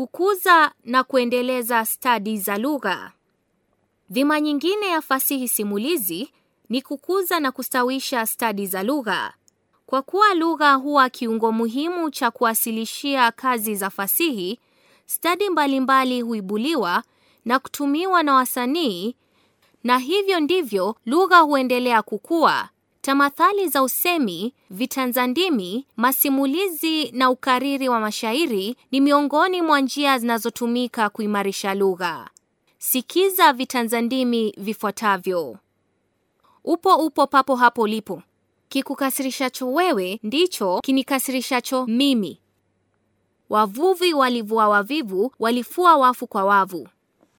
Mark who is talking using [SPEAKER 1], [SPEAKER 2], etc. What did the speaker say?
[SPEAKER 1] kukuza na kuendeleza stadi za lugha. Dhima nyingine ya fasihi simulizi ni kukuza na kustawisha stadi za lugha. Kwa kuwa lugha huwa kiungo muhimu cha kuwasilishia kazi za fasihi, stadi mbalimbali huibuliwa na kutumiwa na wasanii, na hivyo ndivyo lugha huendelea kukua. Tamathali za usemi, vitanza ndimi, masimulizi na ukariri wa mashairi ni miongoni mwa njia zinazotumika kuimarisha lugha. Sikiza vitanza ndimi vifuatavyo: upo upo papo hapo lipo, kikukasirishacho wewe ndicho kinikasirishacho mimi, wavuvi walivua wavivu, walifua wafu kwa wavu.